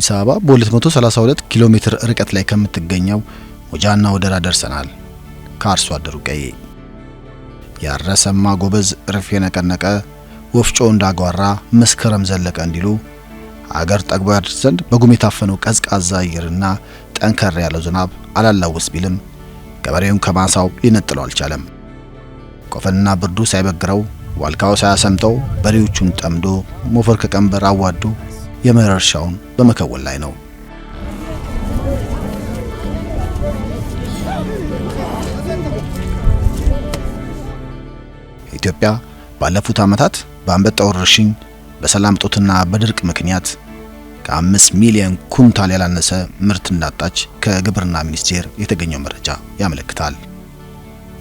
አዲስ አበባ በ232 ኪሎ ሜትር ርቀት ላይ ከምትገኘው ሞጃና ወደራ ደርሰናል። ከአርሶ አደሩ ቀዬ ያረሰማ ጎበዝ እርፍ የነቀነቀ ወፍጮ እንዳጓራ መስከረም ዘለቀ እንዲሉ አገር ጠግቦ ያድር ዘንድ በጉም የታፈነው ቀዝቃዛ አየርና ጠንከር ያለው ዝናብ አላላውስ ቢልም ገበሬውን ከማሳው ሊነጥለው አልቻለም። ቆፈንና ብርዱ ሳይበግረው ዋልካው ሳያሰምጠው በሬዎቹን ጠምዶ ሞፈር ከቀንበር አዋዶ የመኸር እርሻውን በመከወን ላይ ነው። ኢትዮጵያ ባለፉት ዓመታት በአንበጣ ወረርሽኝ፣ በሰላም እጦትና በድርቅ ምክንያት ከአምስት ሚሊዮን ኩንታል ያላነሰ ምርት እንዳጣች ከግብርና ሚኒስቴር የተገኘው መረጃ ያመለክታል።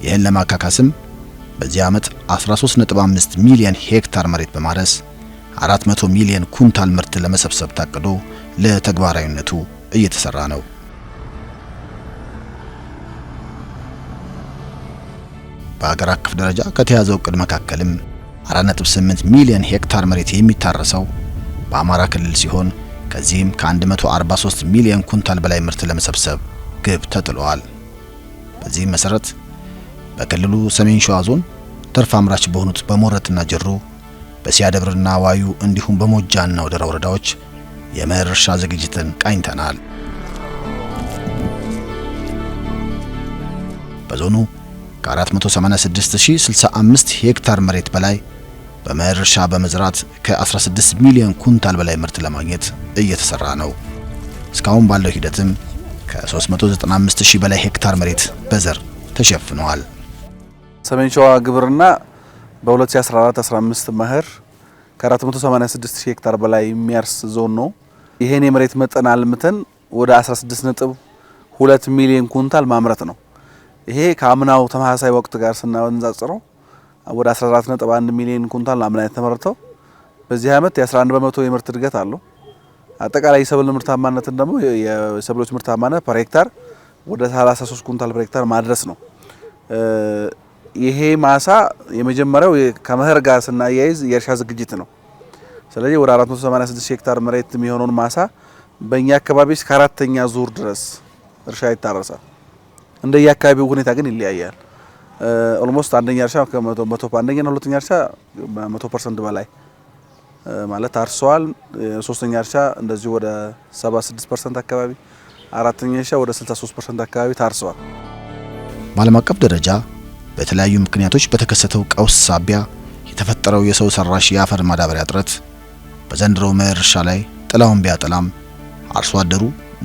ይህን ለማካካስም በዚህ ዓመት 13.5 ሚሊዮን ሄክታር መሬት በማረስ 400 ሚሊዮን ኩንታል ምርት ለመሰብሰብ ታቅዶ ለተግባራዊነቱ እየተሰራ ነው። በአገር አቀፍ ደረጃ ከተያዘው እቅድ መካከልም 4.8 ሚሊዮን ሄክታር መሬት የሚታረሰው በአማራ ክልል ሲሆን ከዚህም ከ143 ሚሊዮን ኩንታል በላይ ምርት ለመሰብሰብ ግብ ተጥሏል። በዚህም መሰረት በክልሉ ሰሜን ሸዋ ዞን ትርፍ አምራች በሆኑት በሞረትና ጅሩ በሲያደብርና ዋዩ እንዲሁም በሞጃና ወደራ ወረዳዎች የመኸር እርሻ ዝግጅትን ቃኝተናል። በዞኑ ከ486065 ሄክታር መሬት በላይ በመኸር እርሻ በመዝራት ከ16 ሚሊዮን ኩንታል በላይ ምርት ለማግኘት እየተሰራ ነው። እስካሁን ባለው ሂደትም ከ395000 በላይ ሄክታር መሬት በዘር ተሸፍኗል። ሰሜን ሸዋ ግብርና በ2014-15 መኸር ከ486 ሄክታር በላይ የሚያርስ ዞን ነው። ይሄን የመሬት መጠን አልምተን ወደ 16.2 ሚሊዮን ኩንታል ማምረት ነው። ይሄ ከአምናው ተመሳሳይ ወቅት ጋር ስናነጻጽረው ወደ 14.1 ሚሊዮን ኩንታል አምና የተመረተው በዚህ ዓመት የ11 በመቶ የምርት እድገት አለው። አጠቃላይ የሰብል ምርታማነትን ደግሞ የሰብሎች ምርታማነት ፐር ሄክታር ወደ 33 ኩንታል ፐር ሄክታር ማድረስ ነው። ይሄ ማሳ የመጀመሪያው ከመኸር ጋር ስናያይዝ የእርሻ ዝግጅት ነው። ስለዚህ ወደ 486 ሄክታር መሬት የሚሆነውን ማሳ በእኛ አካባቢ እስከ አራተኛ ዙር ድረስ እርሻ ይታረሳል። እንደየ አካባቢው ሁኔታ ግን ይለያያል። ኦልሞስት አንደኛ እርሻ አንደኛና ሁለተኛ እርሻ በመቶ ፐርሰንት በላይ ማለት አርሰዋል። ሶስተኛ እርሻ እንደዚሁ ወደ 76 ፐርሰንት አካባቢ፣ አራተኛ እርሻ ወደ 63 ፐርሰንት አካባቢ ታርሰዋል። በዓለም አቀፍ ደረጃ በተለያዩ ምክንያቶች በተከሰተው ቀውስ ሳቢያ የተፈጠረው የሰው ሰራሽ የአፈር ማዳበሪያ እጥረት በዘንድሮው መኸር እርሻ ላይ ጥላውን ቢያጠላም አርሶ አደሩ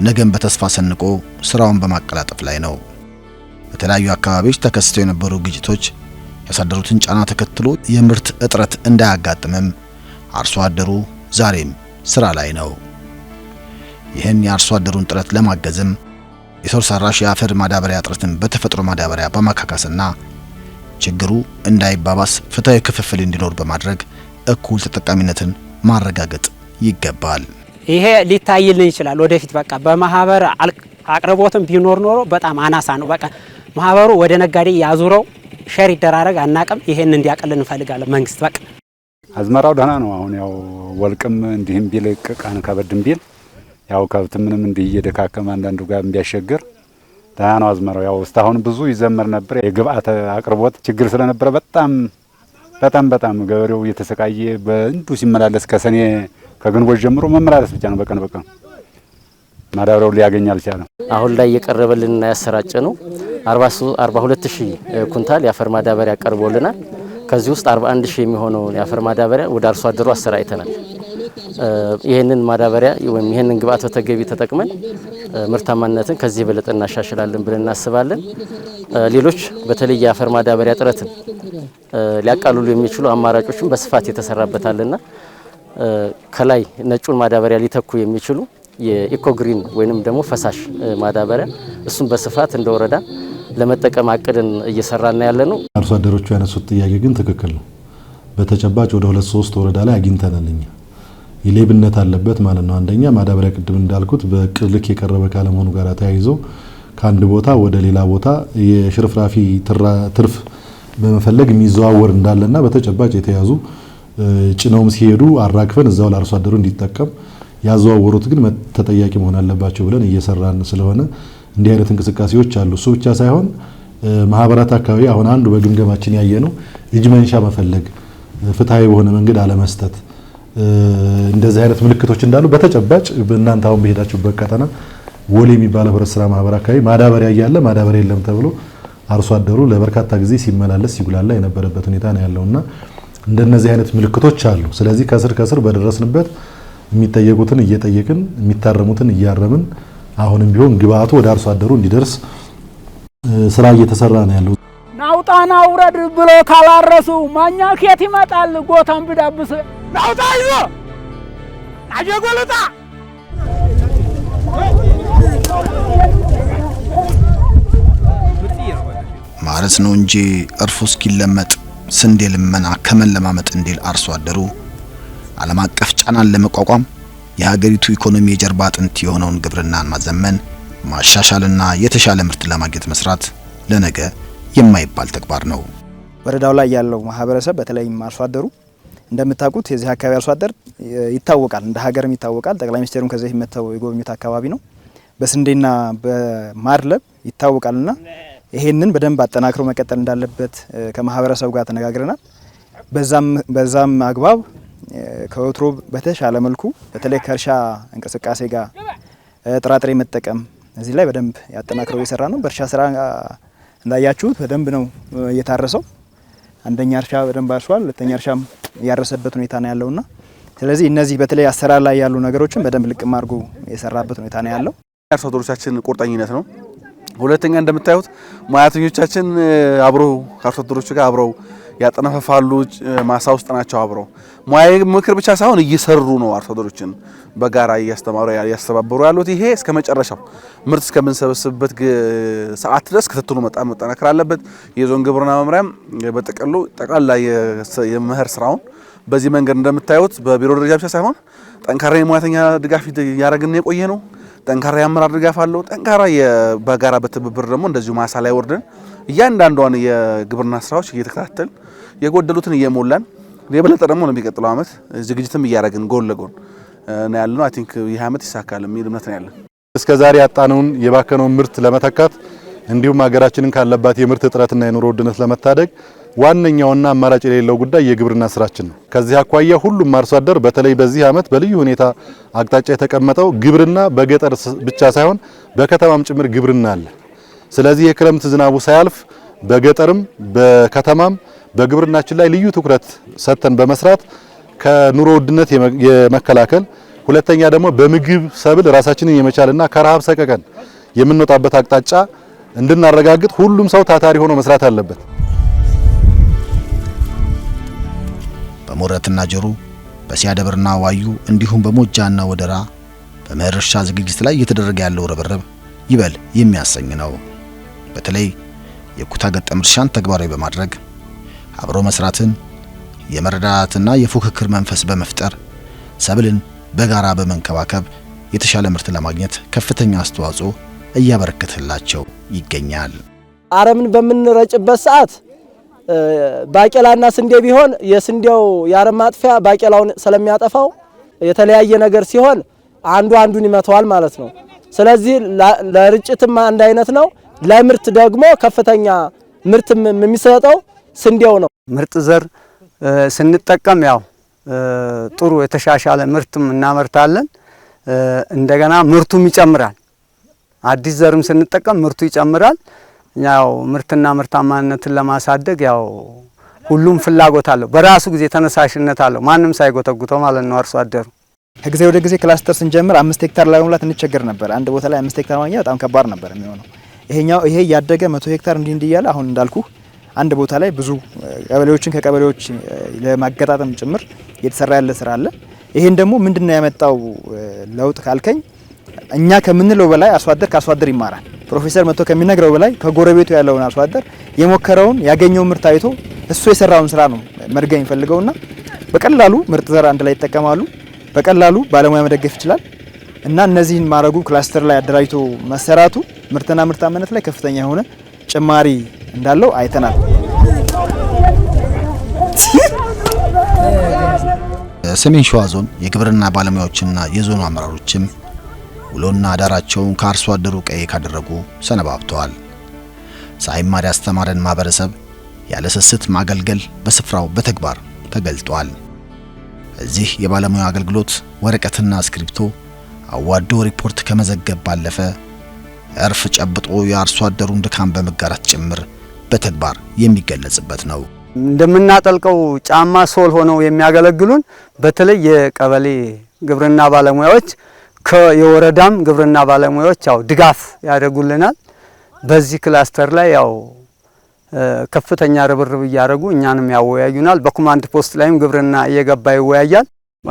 ነገን በተስፋ ሰንቆ ስራውን በማቀላጠፍ ላይ ነው። በተለያዩ አካባቢዎች ተከስተው የነበሩ ግጭቶች ያሳደሩትን ጫና ተከትሎ የምርት እጥረት እንዳያጋጥምም አርሶ አደሩ ዛሬም ስራ ላይ ነው። ይህን የአርሶ አደሩን ጥረት ለማገዝም የሰው ሰራሽ የአፈር ማዳበሪያ እጥረትን በተፈጥሮ ማዳበሪያ በማካካስና ችግሩ እንዳይባባስ ፍትሐዊ ክፍፍል እንዲኖር በማድረግ እኩል ተጠቃሚነትን ማረጋገጥ ይገባል። ይሄ ሊታይልን ይችላል ወደፊት በቃ በማህበር አቅርቦትም ቢኖር ኖሮ በጣም አናሳ ነው። በቃ ማህበሩ ወደ ነጋዴ ያዙረው ሸር ይደራረግ አናቅም። ይሄን እንዲያቀል እንፈልጋለን። መንግስት በቃ አዝመራው ደህና ነው። አሁን ያው ወልቅም እንዲህም ቢል ቃን ከበድም ቢል ያው ከብት ምንም እንዲህ እየደካከመ አንዳንዱ ጋር ቢያሸግር ያ ነው አዝመራው። ያው እስካሁን ብዙ ይዘመር ነበር። የግብአት አቅርቦት ችግር ስለነበረ በጣም በጣም በጣም ገበሬው እየተሰቃየ በእንዱ ሲመላለስ ከሰኔ ከግንቦት ጀምሮ መመላለስ ብቻ ነው። በቀን በቀን ማዳበሪያው ሊያገኝ አልቻለም። አሁን ላይ የቀረበልንና ያሰራጨ ነው 42 ሺህ ኩንታል የአፈር ማዳበሪያ ቀርቦልናል። ከዚህ ውስጥ 41 ሺህ የሚሆነውን የአፈር ማዳበሪያ ወደ አርሶ አደሩ አሰራጭተናል። ይህንን ማዳበሪያ ወይም ይህንን ግብአት በተገቢ ተጠቅመን ምርታማነትን ከዚህ የበለጠ እናሻሽላለን ብለን እናስባለን። ሌሎች በተለይ የአፈር ማዳበሪያ ጥረትን ሊያቃልሉ የሚችሉ አማራጮችን በስፋት የተሰራበታልና ከላይ ነጩን ማዳበሪያ ሊተኩ የሚችሉ የኢኮግሪን ወይንም ደግሞ ፈሳሽ ማዳበሪያ እሱን በስፋት እንደ ወረዳ ለመጠቀም አቅድን እየሰራና ያለ ነው። አርሶ አደሮቹ ያነሱት ጥያቄ ግን ትክክል ነው። በተጨባጭ ወደ ሁለት ሶስት ወረዳ ላይ አግኝተናል እኛ ሌብነት አለበት ማለት ነው። አንደኛ ማዳበሪያ ቅድም እንዳልኩት በቅልክ የቀረበ ካለመሆኑ ጋር ተያይዞ ከአንድ ቦታ ወደ ሌላ ቦታ የሽርፍራፊ ትርፍ በመፈለግ የሚዘዋወር እንዳለና በተጨባጭ የተያዙ ጭነውም ሲሄዱ አራክፈን እዛው ለአርሶ አደሩ እንዲጠቀም ያዘዋወሩት ግን ተጠያቂ መሆን አለባቸው ብለን እየሰራን ስለሆነ እንዲህ አይነት እንቅስቃሴዎች አሉ። እሱ ብቻ ሳይሆን ማህበራት አካባቢ አሁን አንዱ በግምገማችን ያየ ነው እጅ መንሻ መፈለግ፣ ፍትሐዊ በሆነ መንገድ አለመስጠት እንደዚህ አይነት ምልክቶች እንዳሉ በተጨባጭ እናንተ አሁን በሄዳችሁበት ቀጠና ወሌ የሚባለው ህብረት ስራ ማህበር አካባቢ ማዳበሪያ እያለ ማዳበሪያ የለም ተብሎ አርሶ አደሩ ለበርካታ ጊዜ ሲመላለስ ሲጉላላ የነበረበት ሁኔታ ነው ያለውና እንደነዚህ አይነት ምልክቶች አሉ። ስለዚህ ከስር ከስር በደረስንበት የሚጠየቁትን እየጠየቅን የሚታረሙትን እያረምን አሁንም ቢሆን ግብአቱ ወደ አርሶ አደሩ እንዲደርስ ስራ እየተሰራ ነው ያለው። ናውጣና ውረድ ብሎ ካላረሱ ማኛ ኬት ይመጣል ጎታን ብዳብስ 脑袋热，哪越过了大？ማለት ነው እንጂ እርፉ እስኪለመጥ ስንዴ ልመና ከመለማመጥ እንዲል አርሶ አደሩ ዓለም አቀፍ ጫናን ለመቋቋም የሀገሪቱ ኢኮኖሚ የጀርባ አጥንት የሆነውን ግብርናን ማዘመን ማሻሻልና የተሻለ ምርት ለማግኘት መስራት ለነገ የማይባል ተግባር ነው። ወረዳው ላይ ያለው ማህበረሰብ በተለይም አርሶ አደሩ እንደምታውቁት የዚህ አካባቢ አርሶ አደር ይታወቃል፣ እንደ ሀገርም ይታወቃል። ጠቅላይ ሚኒስትሩም ከዚህ መጥተው የጎበኙት አካባቢ ነው። በስንዴና በማድለብ ይታወቃልና ይሄንን በደንብ አጠናክሮ መቀጠል እንዳለበት ከማህበረሰቡ ጋር ተነጋግረናል። በዛም አግባብ ከወትሮ በተሻለ መልኩ በተለይ ከእርሻ እንቅስቃሴ ጋር ጥራጥሬ መጠቀም እዚህ ላይ በደንብ ያጠናክረው እየሰራ ነው። በእርሻ ስራ እንዳያችሁት በደንብ ነው እየታረሰው አንደኛ እርሻ በደንብ አርሷል፣ ሁለተኛ እርሻም ያረሰበት ሁኔታ ነው ያለውና ስለዚህ እነዚህ በተለይ አሰራር ላይ ያሉ ነገሮችን በደንብ ልቅም አድርጎ የሰራበት ሁኔታ ነው ያለው። አርሶ አደሮቻችን ቁርጠኝነት ነው። ሁለተኛ እንደምታዩት ሙያተኞቻችን አብረው ከአርሶ አደሮቹ ጋር አብረው ያጠነፈፋሉ። ማሳ ውስጥ ናቸው አብረው ሙያዊ ምክር ብቻ ሳይሆን እየሰሩ ነው። አርሶ በጋራ እያስተማሩ እያስተባበሩ ያሉት ይሄ እስከ መጨረሻው ምርት እስከምንሰበስብበት ሰዓት ድረስ ክትትሉ በጣም መጠናከር አለበት። የዞን ግብርና መምሪያም በጥቅሉ ጠቅላላ የመኸር ስራውን በዚህ መንገድ እንደምታዩት በቢሮ ደረጃ ብቻ ሳይሆን ጠንካራ የሙያተኛ ድጋፍ እያደረግን የቆየ ነው። ጠንካራ የአመራር ድጋፍ አለው። ጠንካራ በጋራ በትብብር ደግሞ እንደዚሁ ማሳ ላይ ወርደን እያንዳንዷን የግብርና ስራዎች እየተከታተል የጎደሉትን እየሞላን የበለጠ ደግሞ ለሚቀጥለው ዓመት ዝግጅትም እያደረግን ጎን ለጎን ነው ያለነው። አይ ቲንክ ይህ አመት ይሳካል የሚል እምነት ነው ያለን። እስከ ዛሬ ያጣነውን የባከነውን ምርት ለመተካት እንዲሁም ሀገራችንን ካለባት የምርት እጥረትና የኑሮ ውድነት ለመታደግ ዋነኛውና አማራጭ የሌለው ጉዳይ የግብርና ስራችን ነው። ከዚህ አኳያ ሁሉም አርሶ አደር በተለይ በዚህ ዓመት በልዩ ሁኔታ አቅጣጫ የተቀመጠው ግብርና በገጠር ብቻ ሳይሆን በከተማም ጭምር ግብርና አለ። ስለዚህ የክረምት ዝናቡ ሳያልፍ በገጠርም በከተማም በግብርናችን ላይ ልዩ ትኩረት ሰጥተን በመስራት ከኑሮ ውድነት የመከላከል ሁለተኛ ደግሞ በምግብ ሰብል ራሳችንን የመቻልና ከረሃብ ሰቀቀን የምንወጣበት አቅጣጫ እንድናረጋግጥ ሁሉም ሰው ታታሪ ሆኖ መስራት አለበት። በሞረትና ጀሩ፣ በሲያደብርና ዋዩ እንዲሁም በሞጃና ወደራ በመርሻ ዝግጅት ላይ እየተደረገ ያለው ርብርብ ይበል የሚያሰኝ ነው። በተለይ የኩታ ገጠም እርሻን ተግባራዊ በማድረግ አብሮ መስራትን የመረዳዳትና የፉክክር መንፈስ በመፍጠር ሰብልን በጋራ በመንከባከብ የተሻለ ምርት ለማግኘት ከፍተኛ አስተዋጽኦ እያበረከተላቸው ይገኛል። አረምን በምንረጭበት ሰዓት ባቄላና ስንዴ ቢሆን የስንዴው የአረም ማጥፊያ ባቄላውን ስለሚያጠፋው የተለያየ ነገር ሲሆን አንዱ አንዱን ይመተዋል ማለት ነው። ስለዚህ ለርጭትም አንድ አይነት ነው። ለምርት ደግሞ ከፍተኛ ምርት የሚሰጠው ስንዴው ነው። ምርጥ ዘር ስንጠቀም ያው ጥሩ የተሻሻለ ምርትም እናመርታለን። እንደገና ምርቱም ይጨምራል። አዲስ ዘርም ስንጠቀም ምርቱ ይጨምራል። ያው ምርትና ምርታማነትን ለማሳደግ ያው ሁሉም ፍላጎት አለው፣ በራሱ ጊዜ ተነሳሽነት አለው። ማንም ሳይጎተጉተው ማለት ነው አርሶ አደሩ። ከጊዜ ወደ ጊዜ ክላስተር ስንጀምር አምስት ሄክታር ለመሙላት እንቸገር ነበር። አንድ ቦታ ላይ አምስት ሄክታር ማግኘት በጣም ከባድ ነበር የሚሆነው። ይሄኛው ይሄ ያደገ መቶ ሄክታር እንዲህ እንዲህ እያለ አሁን እንዳልኩ አንድ ቦታ ላይ ብዙ ቀበሌዎችን ከቀበሌዎች ለማገጣጠም ጭምር እየተሰራ ያለ ስራ አለ። ይሄን ደግሞ ምንድነው ያመጣው ለውጥ ካልከኝ እኛ ከምንለው በላይ አርሶ አደር ከአርሶ አደር ይማራል። ፕሮፌሰር መጥቶ ከሚነግረው በላይ ከጎረቤቱ ያለውን አርሶ አደር የሞከረውን ያገኘውን ምርት አይቶ እሱ የሰራውን ስራ ነው መድገም የሚፈልገውና በቀላሉ ምርጥ ዘር አንድ ላይ ይጠቀማሉ። በቀላሉ ባለሙያ መደገፍ ይችላል እና እነዚህን ማድረጉ ክላስተር ላይ አደራጅቶ መሰራቱ ምርትና ምርታማነት ላይ ከፍተኛ የሆነ ጭማሪ እንዳለው አይተናል። ሰሜን ሸዋ ዞን የግብርና ባለሙያዎችና የዞኑ አመራሮችም ውሎና አዳራቸውን ከአርሶ አደሩ ቀዬ ካደረጉ ሰነባብተዋል። ሳይማር ያስተማረን ማህበረሰብ ያለ ስስት ማገልገል በስፍራው በተግባር ተገልጧል። እዚህ የባለሙያ አገልግሎት ወረቀትና እስክሪብቶ አዋዶ ሪፖርት ከመዘገብ ባለፈ እርፍ ጨብጦ የአርሶ አደሩን ድካም በመጋራት ጭምር በተግባር የሚገለጽበት ነው። እንደምናጠልቀው ጫማ ሶል ሆነው የሚያገለግሉን በተለይ የቀበሌ ግብርና ባለሙያዎች ከየወረዳም ግብርና ባለሙያዎች ያው ድጋፍ ያደርጉልናል። በዚህ ክላስተር ላይ ያው ከፍተኛ ርብርብ እያደረጉ እኛንም ያወያዩናል። በኮማንድ ፖስት ላይም ግብርና እየገባ ይወያያል።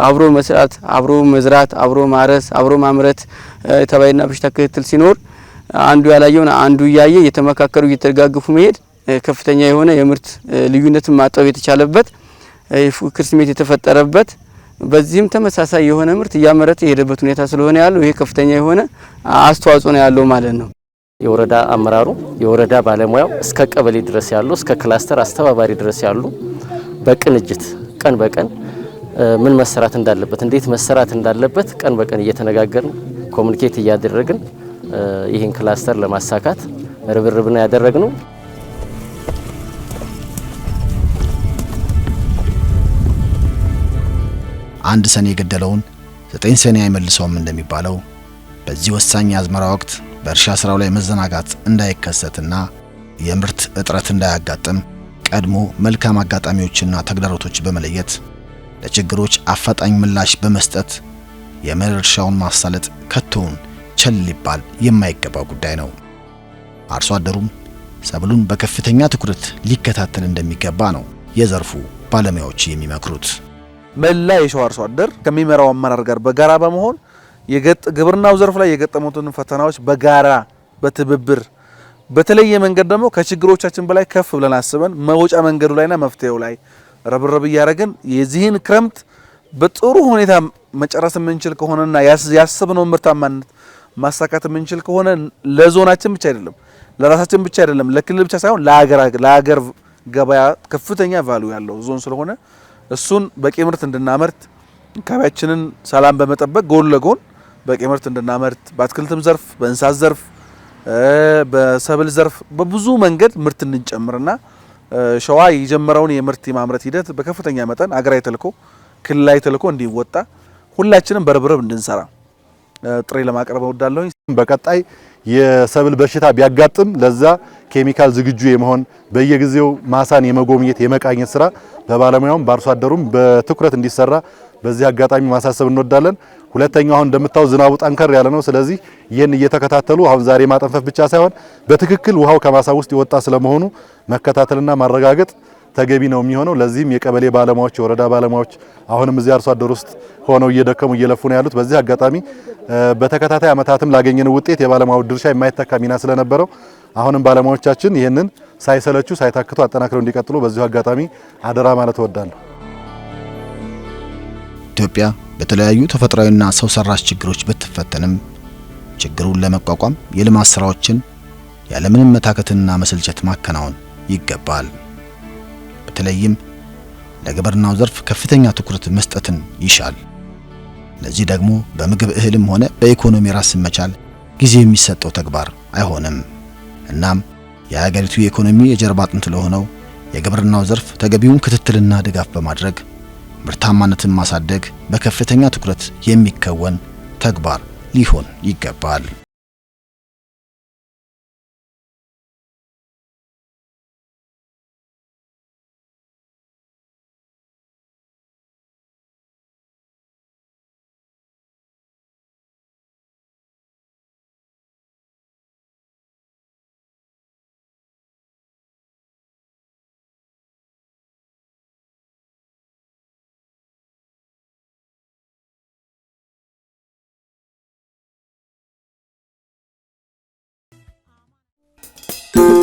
አብሮ መስራት፣ አብሮ መዝራት፣ አብሮ ማረስ፣ አብሮ ማምረት የተባይና በሽታ ክትትል ሲኖር አንዱ ያላየውን አንዱ እያየ እየተመካከሩ እየተደጋገፉ መሄድ ከፍተኛ የሆነ የምርት ልዩነትን ማጠብ የተቻለበት የፉክክር ስሜት የተፈጠረበት በዚህም ተመሳሳይ የሆነ ምርት እያመረተ የሄደበት ሁኔታ ስለሆነ ያለው ይሄ ከፍተኛ የሆነ አስተዋጽኦ ነው ያለው ማለት ነው። የወረዳ አመራሩ፣ የወረዳ ባለሙያው እስከ ቀበሌ ድረስ ያሉ እስከ ክላስተር አስተባባሪ ድረስ ያሉ በቅንጅት ቀን በቀን ምን መሰራት እንዳለበት እንዴት መሰራት እንዳለበት ቀን በቀን እየተነጋገርን ኮሚኒኬት እያደረግን ይህን ክላስተር ለማሳካት ርብርብን ያደረግነው አንድ ሰኔ የገደለውን ዘጠኝ ሰኔ አይመልሰውም እንደሚባለው በዚህ ወሳኝ የአዝመራ ወቅት በእርሻ ስራው ላይ መዘናጋት እንዳይከሰትና የምርት እጥረት እንዳያጋጥም ቀድሞ መልካም አጋጣሚዎችና ተግዳሮቶች በመለየት ለችግሮች አፋጣኝ ምላሽ በመስጠት የምርት እርሻውን ማሳለጥ ከቶውን ቸል ሊባል የማይገባው ጉዳይ ነው። አርሶ አደሩም ሰብሉን በከፍተኛ ትኩረት ሊከታተል እንደሚገባ ነው የዘርፉ ባለሙያዎች የሚመክሩት። መላ የሸዋ አርሶ አደር ከሚመራው አመራር ጋር በጋራ በመሆን ግብርናው ዘርፍ ላይ የገጠሙትን ፈተናዎች በጋራ በትብብር በተለየ መንገድ ደግሞ ከችግሮቻችን በላይ ከፍ ብለን አስበን መውጫ መንገዱ ላይና መፍትሄው ላይ ረብረብ እያደረግን የዚህን ክረምት በጥሩ ሁኔታ መጨረስ የምንችል ከሆነና ያስብነውን ምርታማነት ማሳካት የምንችል ከሆነ ለዞናችን ብቻ አይደለም፣ ለራሳችን ብቻ አይደለም፣ ለክልል ብቻ ሳይሆን ለሀገር ገበያ ከፍተኛ ቫሉ ያለው ዞን ስለሆነ እሱን በቂ ምርት እንድናመርት አካባቢያችንን ሰላም በመጠበቅ ጎን ለጎን በቂ ምርት እንድናመርት በአትክልትም ዘርፍ፣ በእንስሳት ዘርፍ፣ በሰብል ዘርፍ በብዙ መንገድ ምርት እንድንጨምርና ሸዋ የጀመረውን የምርት የማምረት ሂደት በከፍተኛ መጠን አገራዊ ተልዕኮ ክልላዊ ተልዕኮ እንዲወጣ ሁላችንም በርብርብ እንድንሰራ ጥሬ ለማቅረብ እወዳለሁኝ። በቀጣይ የሰብል በሽታ ቢያጋጥም ለዛ ኬሚካል ዝግጁ የመሆን በየጊዜው ማሳን የመጎብኘት የመቃኘት ስራ በባለሙያውም በአርሶ አደሩም በትኩረት እንዲሰራ በዚህ አጋጣሚ ማሳሰብ እንወዳለን። ሁለተኛው አሁን እንደምታው ዝናቡ ጠንከር ያለ ነው። ስለዚህ ይህን እየተከታተሉ አሁን ዛሬ ማጠንፈፍ ብቻ ሳይሆን በትክክል ውሃው ከማሳ ውስጥ የወጣ ስለመሆኑ መከታተልና ማረጋገጥ ተገቢ ነው የሚሆነው። ለዚህም የቀበሌ ባለሙያዎች፣ የወረዳ ባለሙያዎች አሁንም እዚህ አርሶ አደር ውስጥ ሆነው እየደከሙ እየለፉ ነው ያሉት። በዚህ አጋጣሚ በተከታታይ ዓመታትም ላገኘነው ውጤት የባለሙያው ድርሻ የማይተካ ሚና ስለነበረው አሁንም ባለሙያዎቻችን ይህንን ሳይሰለቹ ሳይታክቱ አጠናክረው እንዲቀጥሉ በዚሁ አጋጣሚ አደራ ማለት እወዳለሁ። ኢትዮጵያ በተለያዩ ተፈጥሯዊና ሰው ሰራሽ ችግሮች ብትፈተንም ችግሩን ለመቋቋም የልማት ስራዎችን ያለምንም መታከትና መሰልቸት ማከናወን ይገባል። በተለይም ለግብርናው ዘርፍ ከፍተኛ ትኩረት መስጠትን ይሻል። ለዚህ ደግሞ በምግብ እህልም ሆነ በኢኮኖሚ ራስን መቻል ጊዜ የሚሰጠው ተግባር አይሆንም። እናም የሀገሪቱ የኢኮኖሚ የጀርባ አጥንት ለሆነው የግብርናው ዘርፍ ተገቢውን ክትትልና ድጋፍ በማድረግ ምርታማነትን ማሳደግ በከፍተኛ ትኩረት የሚከወን ተግባር ሊሆን ይገባል። Thank you.